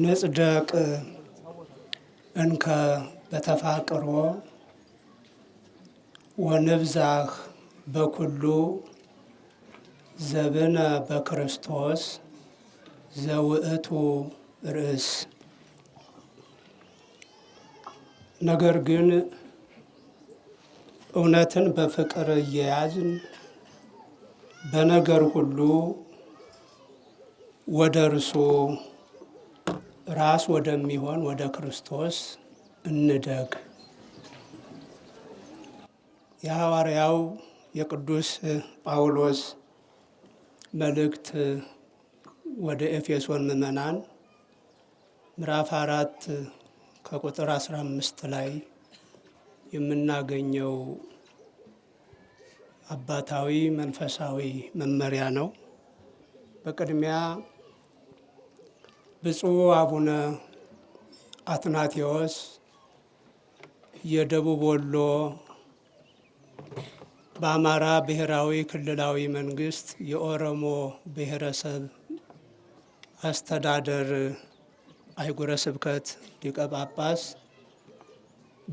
ንጽደቅ እንከ በተፋቅሮ ወንብዛህ በኩሉ ዘብነ በክርስቶስ ዘውእቱ ርእስ። ነገር ግን እውነትን በፍቅር እየያዝን በነገር ሁሉ ወደ እርሱ ራስ ወደሚሆን ወደ ክርስቶስ እንደግ። የሐዋርያው የቅዱስ ጳውሎስ መልእክት ወደ ኤፌሶን ምዕመናን ምዕራፍ አራት ከቁጥር አስራ አምስት ላይ የምናገኘው አባታዊ መንፈሳዊ መመሪያ ነው። በቅድሚያ ብፁዕ አቡነ አትናቴዎስ የደቡብ ወሎ በአማራ ብሔራዊ ክልላዊ መንግስት የኦሮሞ ብሔረሰብ አስተዳደር አህጉረ ስብከት ሊቀ ጳጳስ፣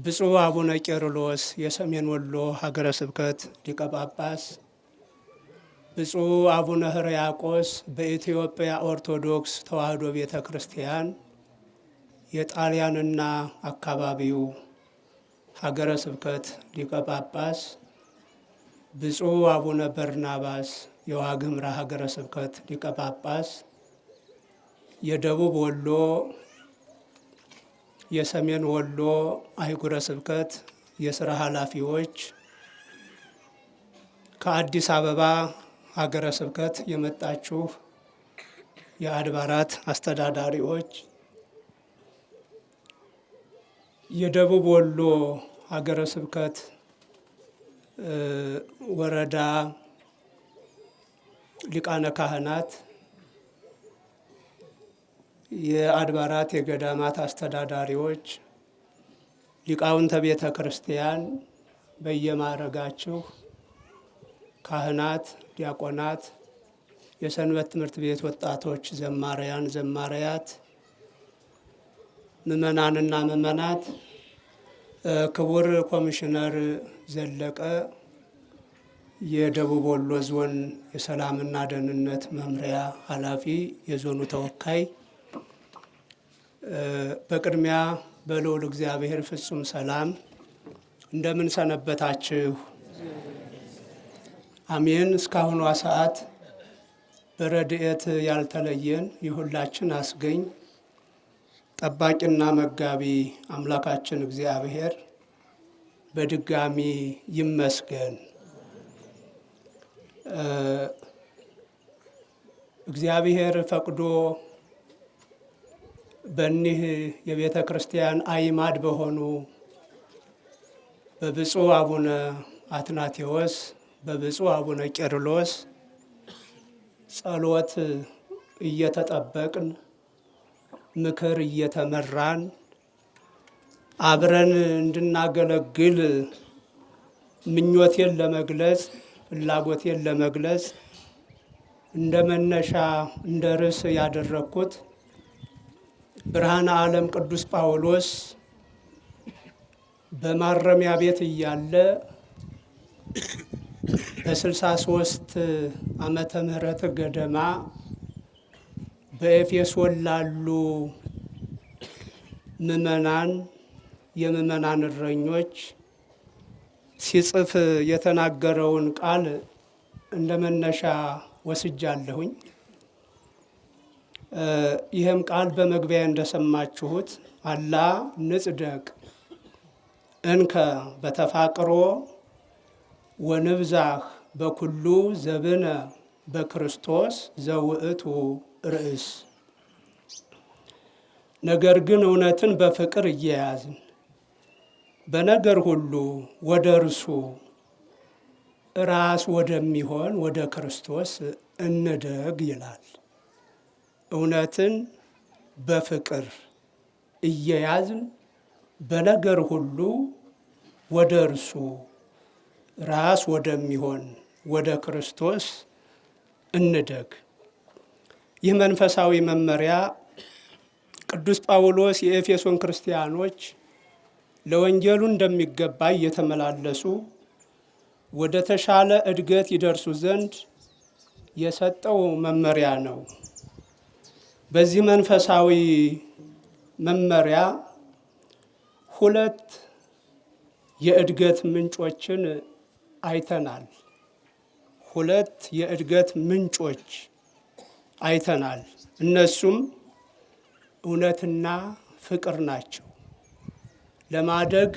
ብፁዕ አቡነ ቄርሎስ የሰሜን ወሎ ሀገረ ስብከት ሊቀ ጳጳስ ብፁዕ አቡነ ሕርያቆስ በኢትዮጵያ ኦርቶዶክስ ተዋሕዶ ቤተ ክርስቲያን የጣሊያንና አካባቢው ሀገረ ስብከት ሊቀ ጳጳስ፣ ብፁዕ አቡነ በርናባስ የዋግምራ ሀገረ ስብከት ሊቀ ጳጳስ፣ የደቡብ ወሎ የሰሜን ወሎ አህጉረ ስብከት የስራ ኃላፊዎች ከአዲስ አበባ ሀገረ ስብከት የመጣችሁ የአድባራት አስተዳዳሪዎች፣ የደቡብ ወሎ ሀገረ ስብከት ወረዳ ሊቃነ ካህናት፣ የአድባራት የገዳማት አስተዳዳሪዎች፣ ሊቃውንተ ቤተ ክርስቲያን በየማዕረጋችሁ ካህናት ዲያቆናት፣ የሰንበት ትምህርት ቤት ወጣቶች፣ ዘማሪያን፣ ዘማሪያት፣ ምእመናንና ምእመናት፣ ክቡር ኮሚሽነር ዘለቀ የደቡብ ወሎ ዞን የሰላምና ደህንነት መምሪያ ኃላፊ፣ የዞኑ ተወካይ፣ በቅድሚያ በልዑል እግዚአብሔር ፍጹም ሰላም እንደምን ሰነበታችሁ? አሜን። እስካሁኗ ሰዓት በረድኤት ያልተለየን የሁላችን አስገኝ ጠባቂና መጋቢ አምላካችን እግዚአብሔር በድጋሚ ይመስገን። እግዚአብሔር ፈቅዶ በኒህ የቤተ ክርስቲያን አይማድ በሆኑ በብፁዕ አቡነ አትናቴዎስ በብፁዕ አቡነ ቄርሎስ ጸሎት እየተጠበቅን ምክር እየተመራን አብረን እንድናገለግል ምኞቴን ለመግለጽ ፍላጎቴን ለመግለጽ እንደ መነሻ እንደ ርዕስ ያደረግኩት ብርሃነ ዓለም ቅዱስ ጳውሎስ በማረሚያ ቤት እያለ በ63 ዓመተ ምህረት ገደማ በኤፌሶን ላሉ ምእመናን የምእመናን እረኞች ሲጽፍ የተናገረውን ቃል እንደ መነሻ ወስጃለሁኝ። ይህም ቃል በመግቢያ እንደሰማችሁት አላ ንጽደቅ እንከ በተፋቅሮ ወንብዛህ በኩሉ ዘብነ በክርስቶስ ዘውእቱ ርእስ። ነገር ግን እውነትን በፍቅር እየያዝን በነገር ሁሉ ወደ እርሱ ራስ ወደሚሆን ወደ ክርስቶስ እንደግ ይላል። እውነትን በፍቅር እየያዝን በነገር ሁሉ ወደ እርሱ ራስ ወደሚሆን ወደ ክርስቶስ እንደግ። ይህ መንፈሳዊ መመሪያ ቅዱስ ጳውሎስ የኤፌሶን ክርስቲያኖች ለወንጌሉ እንደሚገባ እየተመላለሱ ወደ ተሻለ እድገት ይደርሱ ዘንድ የሰጠው መመሪያ ነው። በዚህ መንፈሳዊ መመሪያ ሁለት የእድገት ምንጮችን አይተናል። ሁለት የእድገት ምንጮች አይተናል። እነሱም እውነትና ፍቅር ናቸው። ለማደግ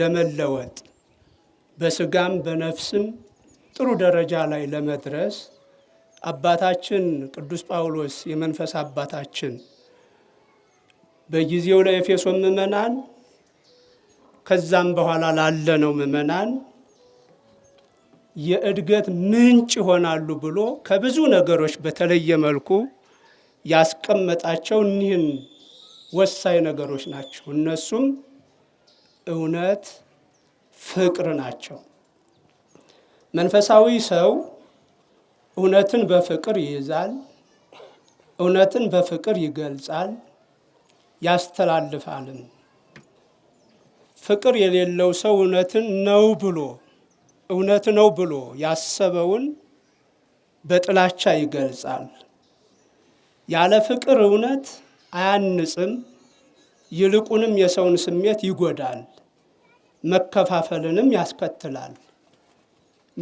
ለመለወጥ፣ በስጋም በነፍስም ጥሩ ደረጃ ላይ ለመድረስ አባታችን ቅዱስ ጳውሎስ የመንፈስ አባታችን በጊዜው ለኤፌሶን ምዕመናን ከዛም በኋላ ላለነው ምእመናን የእድገት ምንጭ ይሆናሉ ብሎ ከብዙ ነገሮች በተለየ መልኩ ያስቀመጣቸው እኒህን ወሳኝ ነገሮች ናቸው። እነሱም እውነት፣ ፍቅር ናቸው። መንፈሳዊ ሰው እውነትን በፍቅር ይይዛል፣ እውነትን በፍቅር ይገልጻል፣ ያስተላልፋልን። ፍቅር የሌለው ሰው እውነትን ነው ብሎ እውነት ነው ብሎ ያሰበውን በጥላቻ ይገልጻል። ያለ ፍቅር እውነት አያንጽም፣ ይልቁንም የሰውን ስሜት ይጎዳል፣ መከፋፈልንም ያስከትላል።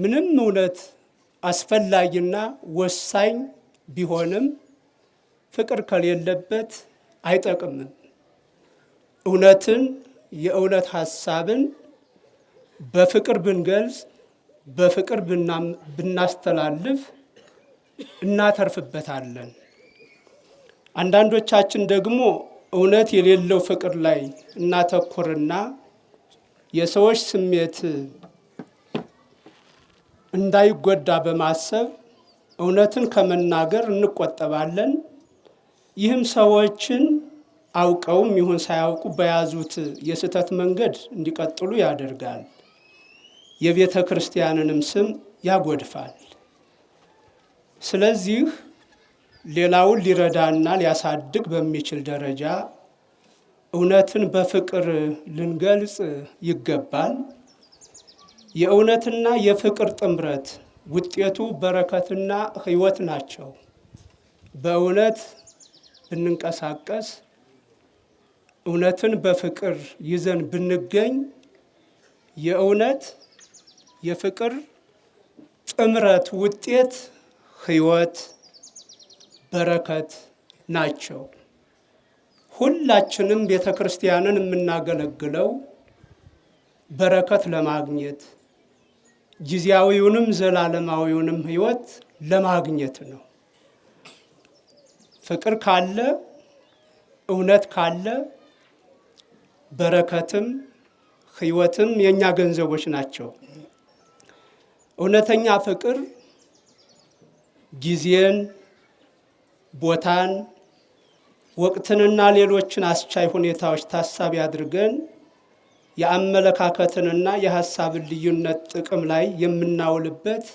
ምንም እውነት አስፈላጊና ወሳኝ ቢሆንም ፍቅር ከሌለበት አይጠቅምም። እውነትን የእውነት ሐሳብን በፍቅር ብንገልጽ በፍቅር ብናስተላልፍ እናተርፍበታለን። አንዳንዶቻችን ደግሞ እውነት የሌለው ፍቅር ላይ እናተኩርና የሰዎች ስሜት እንዳይጎዳ በማሰብ እውነትን ከመናገር እንቆጠባለን። ይህም ሰዎችን አውቀውም ይሁን ሳያውቁ በያዙት የስህተት መንገድ እንዲቀጥሉ ያደርጋል። የቤተ ክርስቲያንንም ስም ያጎድፋል። ስለዚህ ሌላውን ሊረዳና ሊያሳድግ በሚችል ደረጃ እውነትን በፍቅር ልንገልጽ ይገባል። የእውነትና የፍቅር ጥምረት ውጤቱ በረከትና ሕይወት ናቸው። በእውነት ብንንቀሳቀስ እውነትን በፍቅር ይዘን ብንገኝ የእውነት የፍቅር ጥምረት ውጤት ህይወት በረከት ናቸው። ሁላችንም ቤተ ክርስቲያንን የምናገለግለው በረከት ለማግኘት ጊዜያዊውንም ዘላለማዊውንም ህይወት ለማግኘት ነው። ፍቅር ካለ እውነት ካለ በረከትም ህይወትም የእኛ ገንዘቦች ናቸው። እውነተኛ ፍቅር ጊዜን፣ ቦታን፣ ወቅትንና ሌሎችን አስቻይ ሁኔታዎች ታሳቢ አድርገን የአመለካከትንና የሀሳብን ልዩነት ጥቅም ላይ የምናውልበት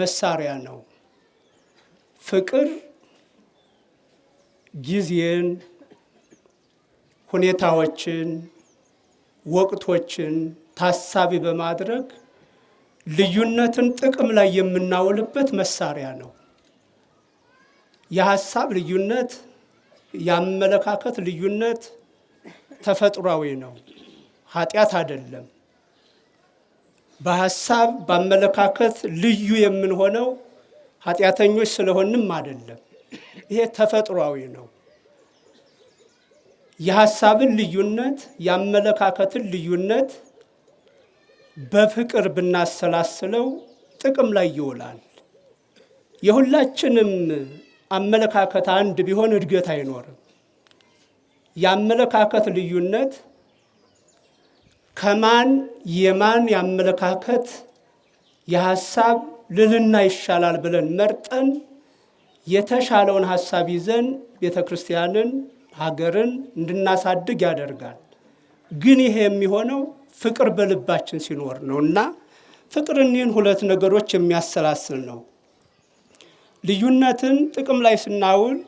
መሳሪያ ነው። ፍቅር ጊዜን፣ ሁኔታዎችን፣ ወቅቶችን ታሳቢ በማድረግ ልዩነትን ጥቅም ላይ የምናውልበት መሳሪያ ነው። የሀሳብ ልዩነት፣ የአመለካከት ልዩነት ተፈጥሯዊ ነው፣ ኃጢአት አይደለም። በሀሳብ በአመለካከት ልዩ የምንሆነው ኃጢአተኞች ስለሆንም አይደለም። ይሄ ተፈጥሯዊ ነው። የሀሳብን ልዩነት የአመለካከትን ልዩነት በፍቅር ብናሰላስለው ጥቅም ላይ ይውላል። የሁላችንም አመለካከት አንድ ቢሆን እድገት አይኖርም። የአመለካከት ልዩነት ከማን የማን የአመለካከት የሀሳብ ልልና ይሻላል ብለን መርጠን የተሻለውን ሀሳብ ይዘን ቤተ ክርስቲያንን፣ ሀገርን እንድናሳድግ ያደርጋል። ግን ይሄ የሚሆነው ፍቅር በልባችን ሲኖር ነው እና ፍቅር እኒህን ሁለት ነገሮች የሚያሰላስል ነው። ልዩነትን ጥቅም ላይ ስናውል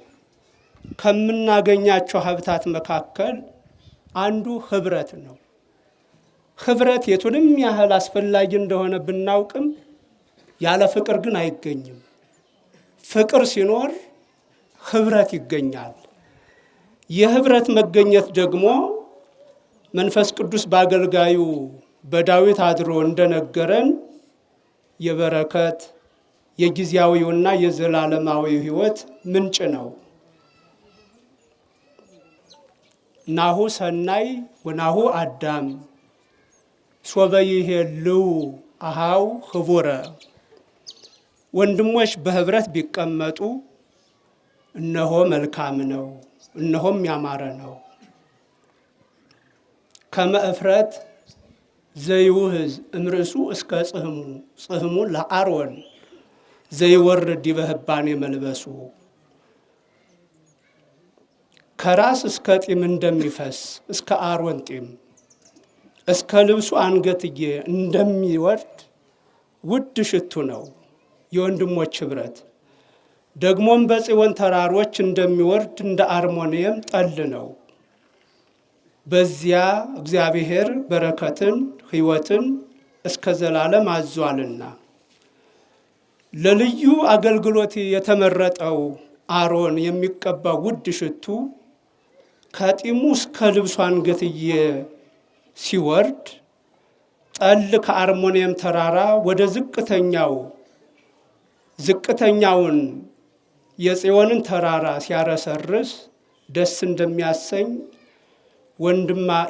ከምናገኛቸው ሀብታት መካከል አንዱ ህብረት ነው። ህብረት የቱንም ያህል አስፈላጊ እንደሆነ ብናውቅም ያለ ፍቅር ግን አይገኝም። ፍቅር ሲኖር ህብረት ይገኛል። የህብረት መገኘት ደግሞ መንፈስ ቅዱስ በአገልጋዩ በዳዊት አድሮ እንደነገረን የበረከት የጊዜያዊውና የዘላለማዊው ሕይወት ምንጭ ነው። ናሁ ሰናይ ወናሁ አዳም ሶበ ልው አሃው ህቡረ ወንድሞች በህብረት ቢቀመጡ እነሆ መልካም ነው፣ እነሆም ያማረ ነው። ከመእፍረት ዘይውህዝ እምርእሱ እስከ ጽህሙ ጽህሙ ለአርወን ዘይወርድ ይበህባኔ መልበሱ ከራስ እስከ ጢም እንደሚፈስ እስከ አሮን ጢም እስከ ልብሱ አንገትዬ እንደሚወርድ ውድ ሽቱ ነው የወንድሞች ኅብረት ደግሞም በጽዮን ተራሮች እንደሚወርድ እንደ አርሞንየም ጠል ነው። በዚያ እግዚአብሔር በረከትን ሕይወትን እስከ ዘላለም አዟልና ለልዩ አገልግሎት የተመረጠው አሮን የሚቀባ ውድ ሽቱ ከጢሙ እስከ ልብሱ አንገትዬ ሲወርድ ጠል ከአርሞንየም ተራራ ወደ ዝቅተኛው ዝቅተኛውን የጽዮንን ተራራ ሲያረሰርስ ደስ እንደሚያሰኝ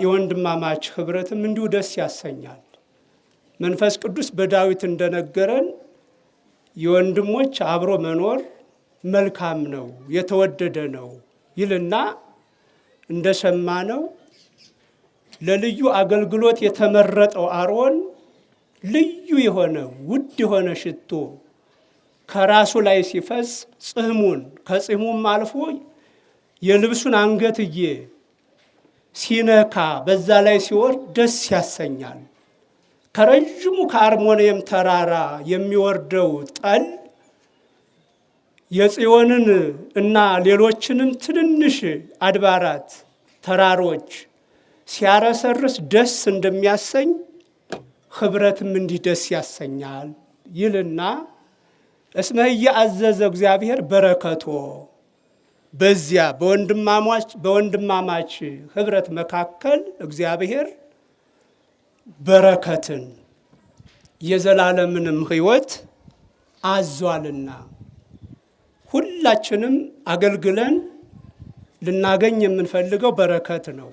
የወንድማማች ኅብረትም እንዲሁ ደስ ያሰኛል። መንፈስ ቅዱስ በዳዊት እንደነገረን የወንድሞች አብሮ መኖር መልካም ነው፣ የተወደደ ነው ይልና እንደሰማ ነው። ለልዩ አገልግሎት የተመረጠው አሮን ልዩ የሆነ ውድ የሆነ ሽቶ ከራሱ ላይ ሲፈስ ጽህሙን ከጽህሙም አልፎ የልብሱን አንገትዬ ሲነካ በዛ ላይ ሲወርድ ደስ ያሰኛል። ከረዥሙ ከአርሞንየም ተራራ የሚወርደው ጠል የጽዮንን እና ሌሎችንም ትንንሽ አድባራት ተራሮች ሲያረሰርስ ደስ እንደሚያሰኝ ኅብረትም እንዲህ ደስ ያሰኛል ይልና እስመ እያዘዘ እግዚአብሔር በረከቶ በዚያ በወንድማማች ህብረት መካከል እግዚአብሔር በረከትን የዘላለምንም ህይወት አዟልና ሁላችንም አገልግለን ልናገኝ የምንፈልገው በረከት ነው።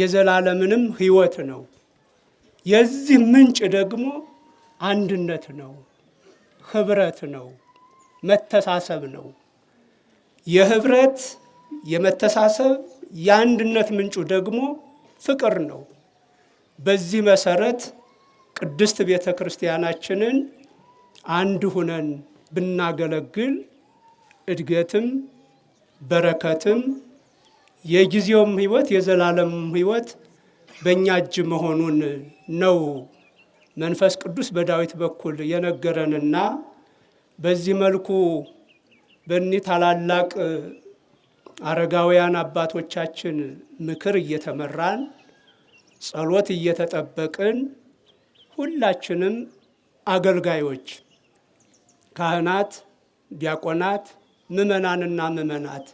የዘላለምንም ህይወት ነው። የዚህ ምንጭ ደግሞ አንድነት ነው፣ ህብረት ነው፣ መተሳሰብ ነው። የህብረት የመተሳሰብ የአንድነት ምንጩ ደግሞ ፍቅር ነው። በዚህ መሰረት ቅድስት ቤተ ክርስቲያናችንን አንድ ሁነን ብናገለግል እድገትም በረከትም የጊዜውም ህይወት የዘላለም ህይወት በእኛ እጅ መሆኑን ነው መንፈስ ቅዱስ በዳዊት በኩል የነገረንና በዚህ መልኩ በእኒህ ታላላቅ አረጋውያን አባቶቻችን ምክር እየተመራን ጸሎት እየተጠበቅን ሁላችንም አገልጋዮች ካህናት፣ ዲያቆናት፣ ምእመናንና ምእመናት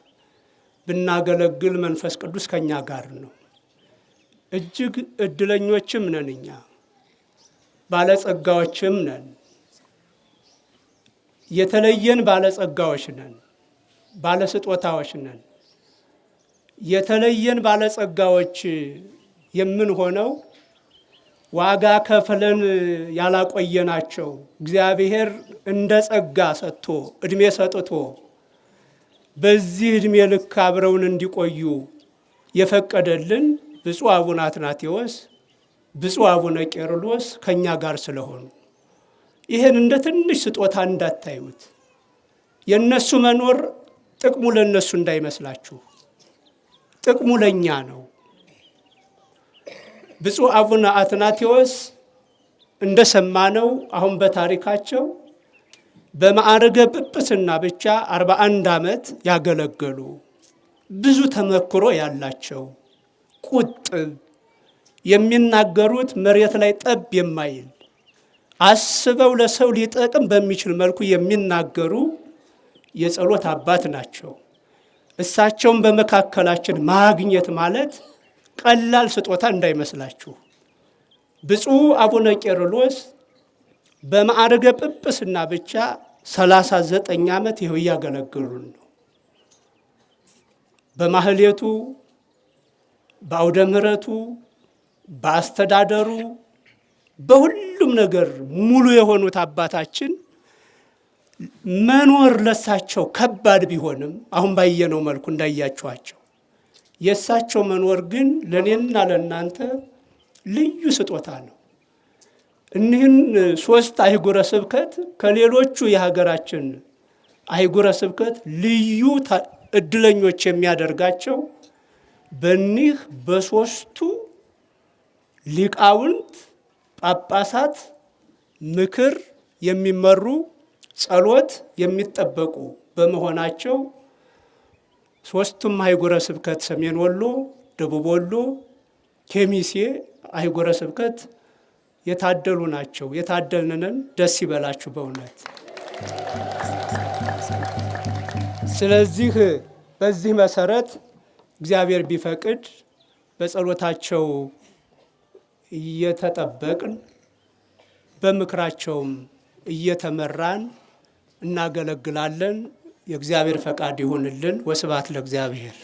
ብናገለግል መንፈስ ቅዱስ ከኛ ጋር ነው። እጅግ እድለኞችም ነን እኛ ባለጸጋዎችም ነን። የተለየን ባለጸጋዎች ነን፣ ባለስጦታዎች ነን። የተለየን ባለጸጋዎች የምንሆነው ዋጋ ከፍለን ያላቆየናቸው እግዚአብሔር እንደ ጸጋ ሰጥቶ እድሜ ሰጥቶ በዚህ እድሜ ልክ አብረውን እንዲቆዩ የፈቀደልን ብፁዕ አቡነ አትናቴዎስ፣ ብፁዕ አቡነ ቄርሎስ ከእኛ ጋር ስለሆኑ ይህን እንደ ትንሽ ስጦታ እንዳታዩት። የእነሱ መኖር ጥቅሙ ለእነሱ እንዳይመስላችሁ፣ ጥቅሙ ለእኛ ነው። ብፁዕ አቡነ አትናቴዎስ እንደሰማነው አሁን በታሪካቸው በማዕረገ ጵጵስና ብቻ 41 ዓመት ያገለገሉ ብዙ ተመክሮ ያላቸው ቁጥብ፣ የሚናገሩት መሬት ላይ ጠብ የማይል አስበው ለሰው ሊጠቅም በሚችል መልኩ የሚናገሩ የጸሎት አባት ናቸው። እሳቸውን በመካከላችን ማግኘት ማለት ቀላል ስጦታ እንዳይመስላችሁ። ብፁዕ አቡነ ቄርሎስ በማዕረገ ጵጵስና ብቻ 39 ዓመት ይኸው እያገለገሉን ነው። በማህሌቱ፣ በአውደ ምሕረቱ፣ በአስተዳደሩ በሁሉም ነገር ሙሉ የሆኑት አባታችን መኖር ለሳቸው ከባድ ቢሆንም አሁን ባየነው መልኩ እንዳያችኋቸው የእሳቸው መኖር ግን ለእኔና ለእናንተ ልዩ ስጦታ ነው። እኒህን ሶስት አህጉረ ስብከት ከሌሎቹ የሀገራችን አህጉረ ስብከት ልዩ እድለኞች የሚያደርጋቸው በእኒህ በሶስቱ ሊቃውንት ጳጳሳት ምክር የሚመሩ ጸሎት የሚጠበቁ በመሆናቸው ሶስቱም አህጉረ ስብከት ሰሜን ወሎ፣ ደቡብ ወሎ፣ ኬሚሴ አህጉረ ስብከት የታደሉ ናቸው። የታደልንንን ደስ ይበላችሁ በእውነት። ስለዚህ በዚህ መሰረት እግዚአብሔር ቢፈቅድ በጸሎታቸው እየተጠበቅን በምክራቸውም እየተመራን እናገለግላለን። የእግዚአብሔር ፈቃድ ይሁንልን። ወስብሐት ለእግዚአብሔር።